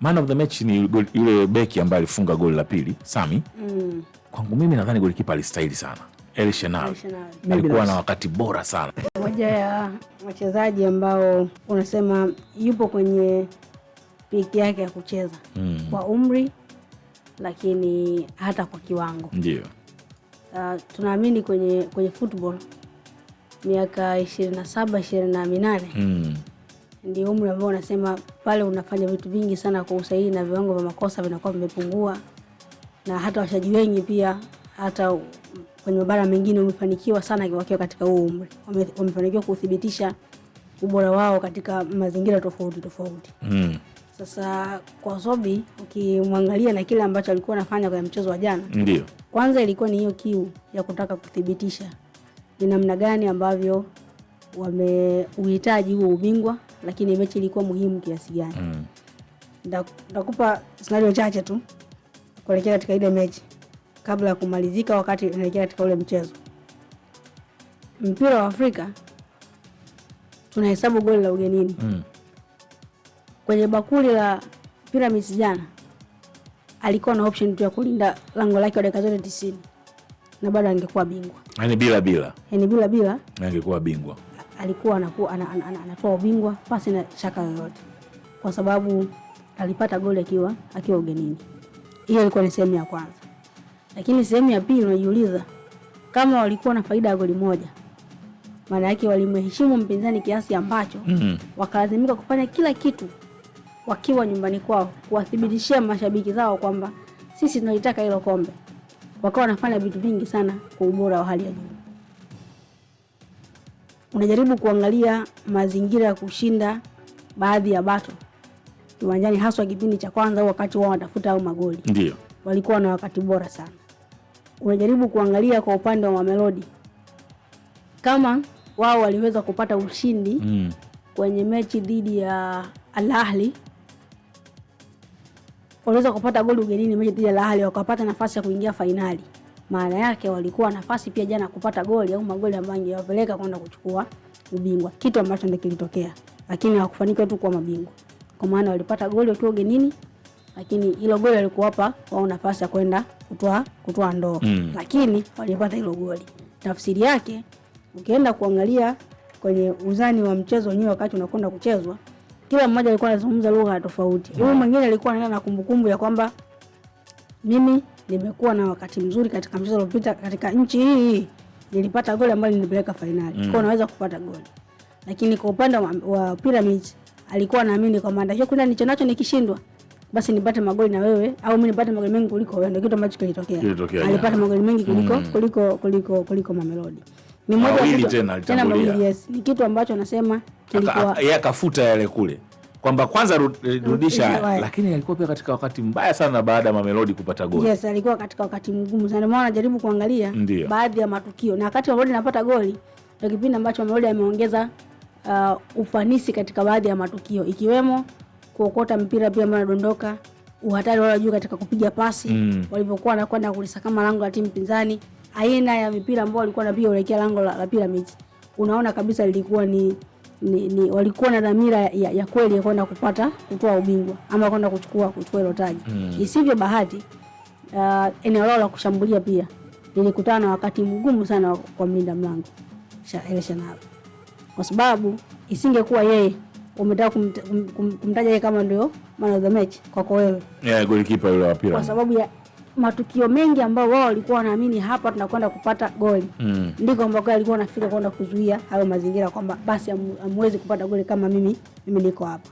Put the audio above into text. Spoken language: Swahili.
man of the match ni yule beki ambaye alifunga goli la pili Sami. Mm. Kwangu mimi nadhani golikipa alistahili sana. El alikuwa na wakati bora sana. Moja ya wachezaji ambao unasema yupo kwenye piki yake ya kucheza mm. kwa umri lakini hata kwa kiwango ndio. Uh, tunaamini kwenye, kwenye football miaka ishirini na saba ishirini na minane mm ndio umri ambao unasema pale unafanya vitu vingi sana kwa usahihi na viwango vya makosa vinakuwa vimepungua, na hata washaji wengi pia hata kwenye mabara mengine wamefanikiwa sana wakiwa katika huu umri, wamefanikiwa kuthibitisha ubora wao katika mazingira tofauti tofauti. Mm. Sasa kwa Sobi ukimwangalia na kile ambacho alikuwa anafanya kwenye mchezo wa jana, ndio kwanza ilikuwa ni hiyo kiu ya kutaka kuthibitisha ni namna gani ambavyo wameuhitaji huo ubingwa lakini mechi ilikuwa muhimu kiasi gani. Mm. Ndakupa scenario chache tu kuelekea katika ile mechi kabla ya kumalizika, wakati inaelekea katika ule mchezo. Mpira wa Afrika tunahesabu goli la ugenini. Mm. Kwenye bakuli la Pyramids jana alikuwa na option tu ya kulinda lango lake dakika zote 90 na bado angekuwa bingwa. Yaani bila bila. Yaani bila bila angekuwa bingwa alikuwa anakuwa anatoa ubingwa pasi na shaka yoyote, kwa sababu alipata goli akiwa akiwa ugenini. Hiyo ilikuwa ni sehemu ya kwanza, lakini sehemu ya pili unajiuliza kama walikuwa na faida ya goli moja, maana yake walimheshimu mpinzani kiasi ambacho mm -hmm. wakalazimika kufanya kila kitu wakiwa nyumbani kwao kuwathibitishia mashabiki zao kwamba sisi tunalitaka hilo kombe. Wakawa wanafanya vitu vingi sana kwa ubora wa hali ya juu unajaribu kuangalia mazingira ya kushinda baadhi ya bato kiwanjani, haswa kipindi cha kwanza, wakati wao watafuta au magoli, ndio walikuwa na wakati bora sana. Unajaribu kuangalia kwa upande wa Mamelodi kama wao waliweza kupata ushindi mm. kwenye mechi dhidi ya Al Ahly, waliweza kupata goli ugenini mechi dhidi ya Al Ahly, wakapata nafasi ya kuingia fainali maana yake walikuwa nafasi pia jana kupata goli au magoli ambayo angewapeleka kwenda kuchukua ubingwa, kitu ambacho ndio kilitokea, lakini hawakufanikiwa tu kuwa mabingwa, kwa maana walipata goli wakiwa ugenini, lakini hilo goli alikuwapa wao nafasi ya kwenda kutoa kutoa ndoo mm. lakini walipata hilo goli. Tafsiri yake ukienda kuangalia kwenye uzani wa mchezo wenyewe, wakati unakwenda kuchezwa, kila mmoja alikuwa anazungumza lugha tofauti. Huyu mm. mwingine alikuwa anaenda na kumbukumbu ya kwamba mimi nimekuwa na wakati mzuri katika mchezo uliopita katika nchi hii, nilipata goli ambayo nilipeleka fainali mm. Kwao naweza kupata goli, lakini kwa upande wa, wa Pyramids alikuwa naamini kwamba ndio kuna nicho nacho, nikishindwa basi nipate magoli na wewe au mimi nipate magoli mengi kuliko wewe. Ndio kitu ambacho kilitokea, alipata magoli mengi mm. kuliko mm. kuliko kuliko kuliko Mamelodi ni mmoja tena, tena yes, ni kitu ambacho anasema kilikuwa yeye akafuta yale kule kwamba kwanza eh, rudisha, lakini alikuwa pia katika wakati mbaya sana baada ya Mamelodi kupata goli. Yes, alikuwa katika wakati mgumu sana, maana najaribu kuangalia Ndiyo. baadhi ya matukio na wakati Mamelodi anapata goli ndio kipindi ambacho Mamelodi ameongeza uh, ufanisi katika baadhi ya matukio ikiwemo kuokota mpira pia mara dondoka, uhatari wao juu katika kupiga pasi mm. walivyokuwa wanakwenda kulisakama lango la timu pinzani, aina ya mipira ambayo walikuwa wanapiga kuelekea lango la, la piramidi, unaona kabisa lilikuwa ni ni, ni walikuwa na dhamira ya, ya kweli ya kwenda kupata kutoa ubingwa ama kwenda kuchukua kuchukua hilo taji mm. Isivyo bahati uh, eneo lao la kushambulia pia nilikutana na wakati mgumu sana kwa mlinda mlango Shael kwa sababu isingekuwa yeye umetaka kumtaja kum, kum, yeye kama ndio man of the match kwako wewe, yeah, yule wa kwa sababu ya matukio mengi ambayo wao walikuwa wanaamini hapa tunakwenda kupata goli mm. ndiko ambako alikuwa anafika kwenda kuzuia hayo mazingira kwamba basi hamwezi kupata goli kama mimi mimi niko hapa.